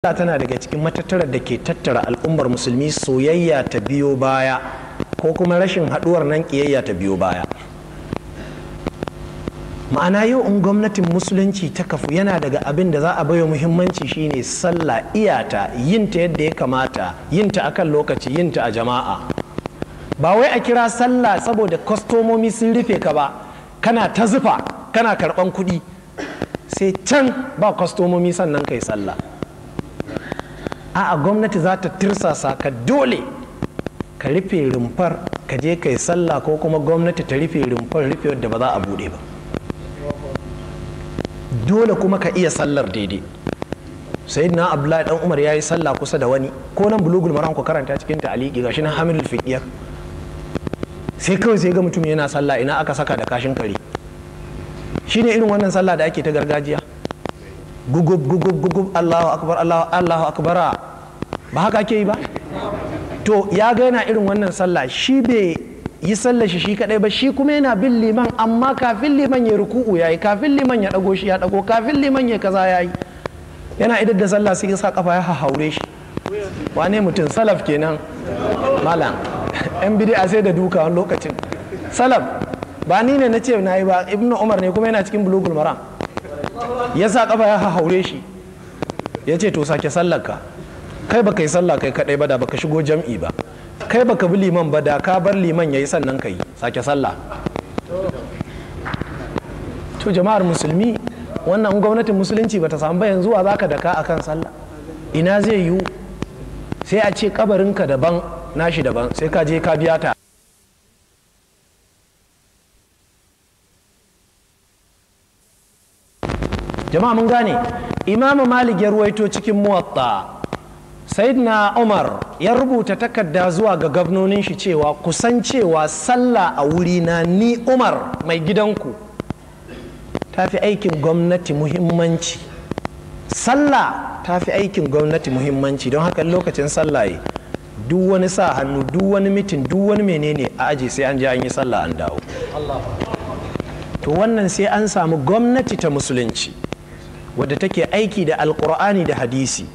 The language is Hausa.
Allah tana daga cikin matattarar da ke tattara al'ummar musulmi soyayya ta biyo baya ko kuma rashin haɗuwar nan kiyayya ta biyo baya ma'ana yau in gwamnatin musulunci ta kafu yana daga abin da za a baiwa muhimmanci shine sallah iyata yinta yadda ya kamata yinta akan lokaci yinta a jama'a ba wai a kira sallah saboda kwastomomi sun rufe ka ba kana ta zufa kana karɓar kuɗi sai can ba kwastomomi sannan kai sallah a'a gwamnati za ta tirsasa ka dole ka rufe rumfar ka je ka yi sallah ko kuma gwamnati ta rufe rumfar rufe wadda ba za a bude ba dole kuma ka iya sallar daidai na abdullahi dan umar ya yi sallah kusa da wani ko nan bulugul maram ku karanta cikin ta'aliki gashi nan hamilul fiqiyar sai kawai sai ga mutum yana sallah ina aka saka da kashin kare shine irin wannan sallah da ake ta gargajiya gugub gugub gugub Allahu akbar Allahu Allahu akbar ba haka ke yi ba to ya ga yana irin wannan sallah shi bai yi sallar shi shi kadai ba shi kuma yana bin liman amma kafin liman ya ruku'u yayi kafin liman ya dago shi ya dago kafin liman ya kaza yayi yana idar da sallah sai sa kafa ya haure shi wane mutum salaf kenan malam yan bid'a sai da duka wani lokacin salaf ba ni ne na ce na yi ba ibnu umar ne kuma yana cikin bulugul maram ya sa kafa ya haure shi ya ce to sake sallarka kai baka yi sallah kai kadai ba da baka shigo jam'i ba kai baka bi liman ba da ka bar liman yayi sannan kai sake sallah to jama'ar musulmi wannan gwamnatin musulunci ba ta samu ba yanzu wa zaka daka akan sallah ina zai yiwu sai a ce kabarinka daban nashi daban sai ka je ka biya ta jama'a mun gane imamu malik ya ruwaito cikin muwatta sayyidina umar ya rubuta takarda zuwa ga gabnonin shi cewa kusan cewa sallah a wuri na ni umar mai gidanku ta fi aikin gwamnati muhimmanci sallah ta fi aikin gwamnati muhimmanci don haka lokacin sallah duk wani sa hannu duk wani mitin duk wani menene a aji sai an je an yi sallah an dawo to wannan sai an samu gwamnati ta musulunci wadda take aiki da alkur'ani da hadisi